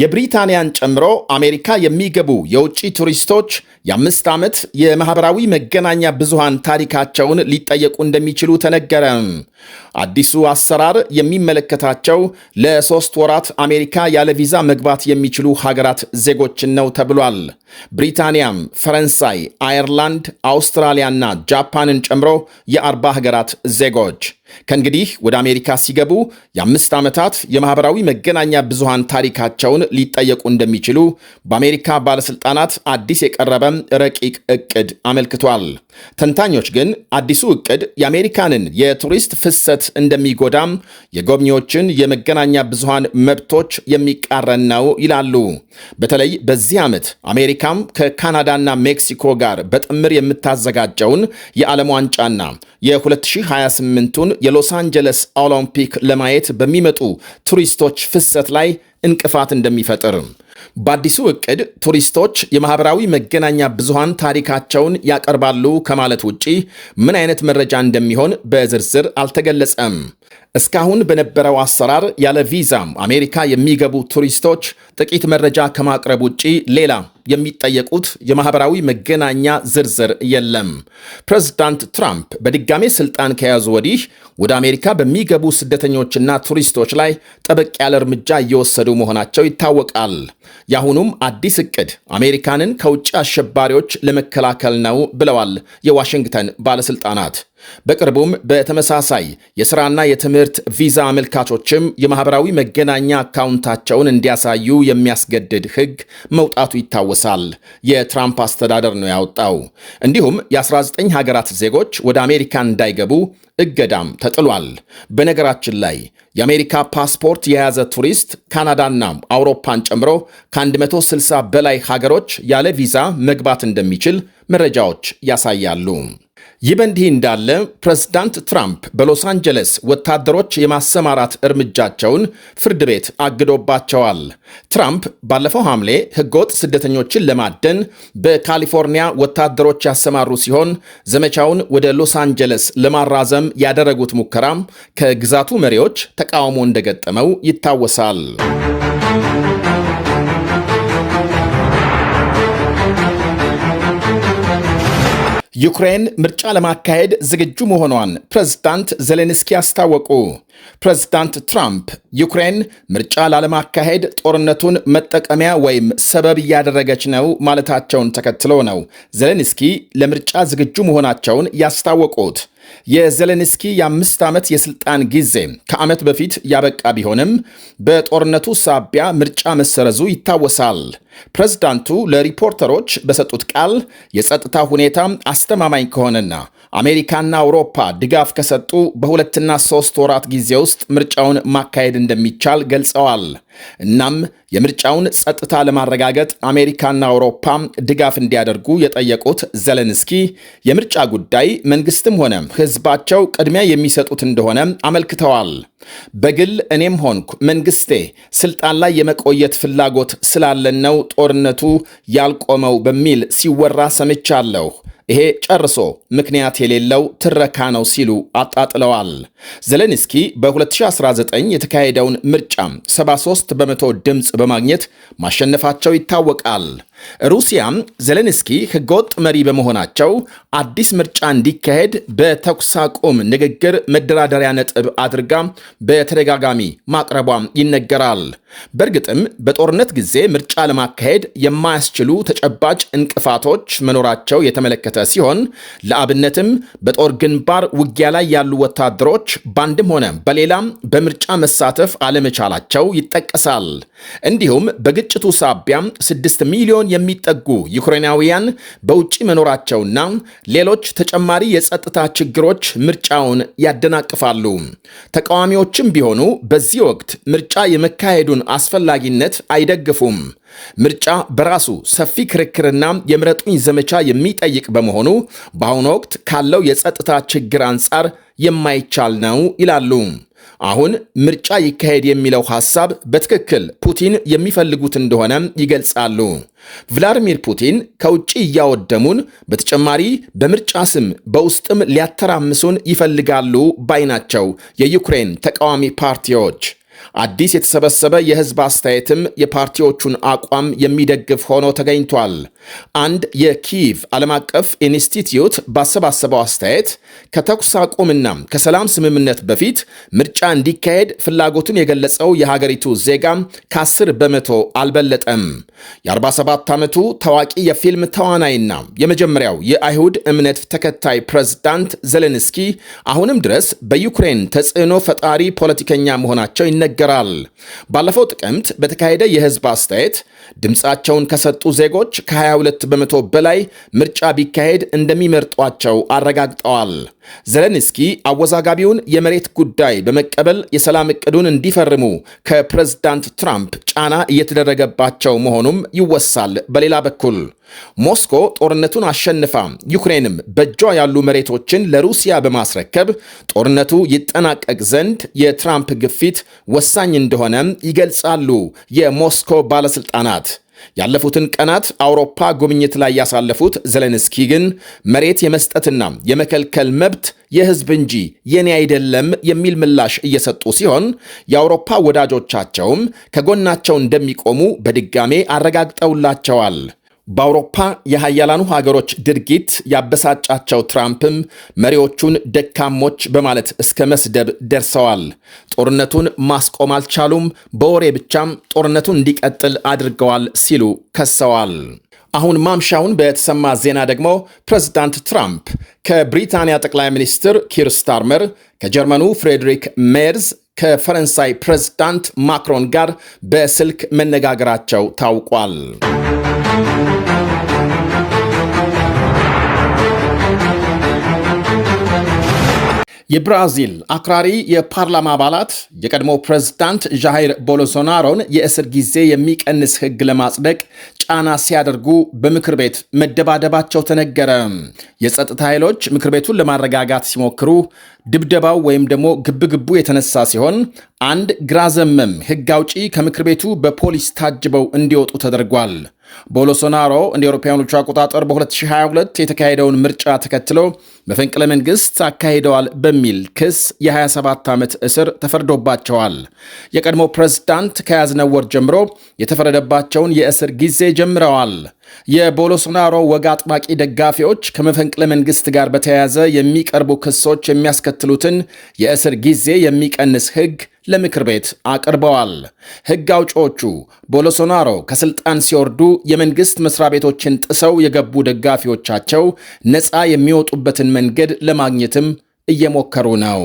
የብሪታንያን ጨምሮ አሜሪካ የሚገቡ የውጭ ቱሪስቶች የአምስት ዓመት የማኅበራዊ መገናኛ ብዙሃን ታሪካቸውን ሊጠየቁ እንደሚችሉ ተነገረ። አዲሱ አሰራር የሚመለከታቸው ለሦስት ወራት አሜሪካ ያለ ቪዛ መግባት የሚችሉ ሀገራት ዜጎችን ነው ተብሏል። ብሪታንያም፣ ፈረንሳይ፣ አየርላንድ፣ አውስትራሊያና ጃፓንን ጨምሮ የአርባ ሀገራት ዜጎች ከእንግዲህ ወደ አሜሪካ ሲገቡ የአምስት ዓመታት የማኅበራዊ መገናኛ ብዙሃን ታሪካቸውን ሊጠየቁ እንደሚችሉ በአሜሪካ ባለሥልጣናት አዲስ የቀረበም ረቂቅ እቅድ አመልክቷል። ተንታኞች ግን አዲሱ እቅድ የአሜሪካንን የቱሪስት ፍሰት እንደሚጎዳም፣ የጎብኚዎችን የመገናኛ ብዙሃን መብቶች የሚቃረን ነው ይላሉ። በተለይ በዚህ ዓመት አሜሪካም ከካናዳና ሜክሲኮ ጋር በጥምር የምታዘጋጀውን የዓለም ዋንጫና የ2028ቱን የሎስ አንጀለስ ኦሎምፒክ ለማየት በሚመጡ ቱሪስቶች ፍሰት ላይ እንቅፋት እንደሚፈጥር በአዲሱ እቅድ ቱሪስቶች የማኅበራዊ መገናኛ ብዙሃን ታሪካቸውን ያቀርባሉ ከማለት ውጪ ምን አይነት መረጃ እንደሚሆን በዝርዝር አልተገለጸም። እስካሁን በነበረው አሰራር ያለ ቪዛም አሜሪካ የሚገቡ ቱሪስቶች ጥቂት መረጃ ከማቅረብ ውጪ ሌላ የሚጠየቁት የማህበራዊ መገናኛ ዝርዝር የለም። ፕሬዝዳንት ትራምፕ በድጋሜ ስልጣን ከያዙ ወዲህ ወደ አሜሪካ በሚገቡ ስደተኞችና ቱሪስቶች ላይ ጠበቅ ያለ እርምጃ እየወሰዱ መሆናቸው ይታወቃል። የአሁኑም አዲስ እቅድ አሜሪካንን ከውጭ አሸባሪዎች ለመከላከል ነው ብለዋል የዋሽንግተን ባለስልጣናት። በቅርቡም በተመሳሳይ የሥራና የትምህርት ቪዛ አመልካቾችም የማኅበራዊ መገናኛ አካውንታቸውን እንዲያሳዩ የሚያስገድድ ሕግ መውጣቱ ይታወሳል። የትራምፕ አስተዳደር ነው ያወጣው። እንዲሁም የ19 ሀገራት ዜጎች ወደ አሜሪካ እንዳይገቡ እገዳም ተጥሏል። በነገራችን ላይ የአሜሪካ ፓስፖርት የያዘ ቱሪስት ካናዳና አውሮፓን ጨምሮ ከ160 በላይ ሀገሮች ያለ ቪዛ መግባት እንደሚችል መረጃዎች ያሳያሉ። ይህ በእንዲህ እንዳለ ፕሬዝዳንት ትራምፕ በሎስ አንጀለስ ወታደሮች የማሰማራት እርምጃቸውን ፍርድ ቤት አግዶባቸዋል። ትራምፕ ባለፈው ሐምሌ ህገወጥ ስደተኞችን ለማደን በካሊፎርኒያ ወታደሮች ያሰማሩ ሲሆን ዘመቻውን ወደ ሎስ አንጀለስ ለማራዘም ያደረጉት ሙከራም ከግዛቱ መሪዎች ተቃውሞ እንደገጠመው ይታወሳል። ዩክሬን ምርጫ ለማካሄድ ዝግጁ መሆኗን ፕሬዝዳንት ዜሌንስኪ አስታወቁ። ፕሬዝዳንት ትራምፕ ዩክሬን ምርጫ ላለማካሄድ ጦርነቱን መጠቀሚያ ወይም ሰበብ እያደረገች ነው ማለታቸውን ተከትሎ ነው ዜሌንስኪ ለምርጫ ዝግጁ መሆናቸውን ያስታወቁት። የዜሌንስኪ የአምስት ዓመት የስልጣን ጊዜ ከዓመት በፊት ያበቃ ቢሆንም በጦርነቱ ሳቢያ ምርጫ መሰረዙ ይታወሳል። ፕሬዝዳንቱ ለሪፖርተሮች በሰጡት ቃል የጸጥታ ሁኔታ አስተማማኝ ከሆነና አሜሪካና አውሮፓ ድጋፍ ከሰጡ በሁለትና ሶስት ወራት ጊዜ ውስጥ ምርጫውን ማካሄድ እንደሚቻል ገልጸዋል። እናም የምርጫውን ጸጥታ ለማረጋገጥ አሜሪካና አውሮፓ ድጋፍ እንዲያደርጉ የጠየቁት ዘለንስኪ የምርጫ ጉዳይ መንግስትም ሆነ ሕዝባቸው ቅድሚያ የሚሰጡት እንደሆነ አመልክተዋል። በግል እኔም ሆንኩ መንግስቴ ስልጣን ላይ የመቆየት ፍላጎት ስላለን ነው ጦርነቱ ያልቆመው በሚል ሲወራ ሰምቻለሁ። ይሄ ጨርሶ ምክንያት የሌለው ትረካ ነው ሲሉ አጣጥለዋል። ዘለንስኪ በ2019 የተካሄደውን ምርጫም 73 በመቶ ድምፅ በማግኘት ማሸነፋቸው ይታወቃል። ሩሲያም ዘለንስኪ ህገወጥ መሪ በመሆናቸው አዲስ ምርጫ እንዲካሄድ በተኩስ አቁም ንግግር መደራደሪያ ነጥብ አድርጋ በተደጋጋሚ ማቅረቧም ይነገራል። በእርግጥም በጦርነት ጊዜ ምርጫ ለማካሄድ የማያስችሉ ተጨባጭ እንቅፋቶች መኖራቸው የተመለከተ ሲሆን ለአብነትም በጦር ግንባር ውጊያ ላይ ያሉ ወታደሮች በአንድም ሆነ በሌላም በምርጫ መሳተፍ አለመቻላቸው ይጠቀሳል። እንዲሁም በግጭቱ ሳቢያ ስድስት ሚሊዮን የሚጠጉ ዩክሬናውያን በውጭ መኖራቸውና ሌሎች ተጨማሪ የጸጥታ ችግሮች ምርጫውን ያደናቅፋሉ። ተቃዋሚዎችም ቢሆኑ በዚህ ወቅት ምርጫ የመካሄዱን አስፈላጊነት አይደግፉም። ምርጫ በራሱ ሰፊ ክርክርና የምረጡኝ ዘመቻ የሚጠይቅ በመሆኑ በአሁኑ ወቅት ካለው የጸጥታ ችግር አንጻር የማይቻል ነው ይላሉ። አሁን ምርጫ ይካሄድ የሚለው ሐሳብ በትክክል ፑቲን የሚፈልጉት እንደሆነ ይገልጻሉ። ቭላድሚር ፑቲን ከውጭ እያወደሙን፣ በተጨማሪ በምርጫ ስም በውስጥም ሊያተራምሱን ይፈልጋሉ ባይ ናቸው የዩክሬን ተቃዋሚ ፓርቲዎች። አዲስ የተሰበሰበ የሕዝብ አስተያየትም የፓርቲዎቹን አቋም የሚደግፍ ሆኖ ተገኝቷል። አንድ የኪቭ ዓለም አቀፍ ኢንስቲትዩት ባሰባሰበው አስተያየት ከተኩስ አቁምና ከሰላም ስምምነት በፊት ምርጫ እንዲካሄድ ፍላጎቱን የገለጸው የሀገሪቱ ዜጋ ከ10 በመቶ አልበለጠም። የ47 ዓመቱ ታዋቂ የፊልም ተዋናይና የመጀመሪያው የአይሁድ እምነት ተከታይ ፕሬዝዳንት ዘለንስኪ አሁንም ድረስ በዩክሬን ተጽዕኖ ፈጣሪ ፖለቲከኛ መሆናቸው ይነገራል። ባለፈው ጥቅምት በተካሄደ የህዝብ አስተያየት ድምፃቸውን ከሰጡ ዜጎች ከ 22 በመቶ በላይ ምርጫ ቢካሄድ እንደሚመርጧቸው አረጋግጠዋል። ዘለንስኪ አወዛጋቢውን የመሬት ጉዳይ በመቀበል የሰላም እቅዱን እንዲፈርሙ ከፕሬዝዳንት ትራምፕ ጫና እየተደረገባቸው መሆኑም ይወሳል። በሌላ በኩል ሞስኮ ጦርነቱን አሸንፋ ዩክሬንም በእጇ ያሉ መሬቶችን ለሩሲያ በማስረከብ ጦርነቱ ይጠናቀቅ ዘንድ የትራምፕ ግፊት ወሳኝ እንደሆነም ይገልጻሉ የሞስኮ ባለሥልጣናት። ያለፉትን ቀናት አውሮፓ ጉብኝት ላይ ያሳለፉት ዘለንስኪ ግን መሬት የመስጠትና የመከልከል መብት የሕዝብ እንጂ የኔ አይደለም የሚል ምላሽ እየሰጡ ሲሆን የአውሮፓ ወዳጆቻቸውም ከጎናቸው እንደሚቆሙ በድጋሜ አረጋግጠውላቸዋል። በአውሮፓ የሀያላኑ ሀገሮች ድርጊት ያበሳጫቸው ትራምፕም መሪዎቹን ደካሞች በማለት እስከ መስደብ ደርሰዋል። ጦርነቱን ማስቆም አልቻሉም፣ በወሬ ብቻም ጦርነቱን እንዲቀጥል አድርገዋል ሲሉ ከሰዋል። አሁን ማምሻውን በተሰማ ዜና ደግሞ ፕሬዝዳንት ትራምፕ ከብሪታንያ ጠቅላይ ሚኒስትር ኪር ስታርመር፣ ከጀርመኑ ፍሬድሪክ ሜርዝ ከፈረንሳይ ፕሬዝዳንት ማክሮን ጋር በስልክ መነጋገራቸው ታውቋል። የብራዚል አክራሪ የፓርላማ አባላት የቀድሞ ፕሬዝዳንት ዣይር ቦሎሶናሮን የእስር ጊዜ የሚቀንስ ሕግ ለማጽደቅ ጫና ሲያደርጉ በምክር ቤት መደባደባቸው ተነገረ። የጸጥታ ኃይሎች ምክር ቤቱን ለማረጋጋት ሲሞክሩ ድብደባው ወይም ደግሞ ግብግቡ የተነሳ ሲሆን አንድ ግራ ዘመም ሕግ አውጪ ከምክር ቤቱ በፖሊስ ታጅበው እንዲወጡ ተደርጓል። ቦሎሶናሮ እንደ አውሮፓውያኖቹ አቆጣጠር በ2022 የተካሄደውን ምርጫ ተከትሎ መፈንቅለ መንግስት አካሂደዋል በሚል ክስ የ27 ዓመት እስር ተፈርዶባቸዋል። የቀድሞ ፕሬዝዳንት ከያዝነው ወር ጀምሮ የተፈረደባቸውን የእስር ጊዜ ጀምረዋል። የቦሎሶናሮ ወግ አጥባቂ ደጋፊዎች ከመፈንቅለ መንግስት ጋር በተያያዘ የሚቀርቡ ክሶች የሚያስከትሉትን የእስር ጊዜ የሚቀንስ ህግ። ለምክር ቤት አቅርበዋል። ሕግ አውጪዎቹ ቦሎሶናሮ ከስልጣን ሲወርዱ የመንግስት መስሪያ ቤቶችን ጥሰው የገቡ ደጋፊዎቻቸው ነፃ የሚወጡበትን መንገድ ለማግኘትም እየሞከሩ ነው።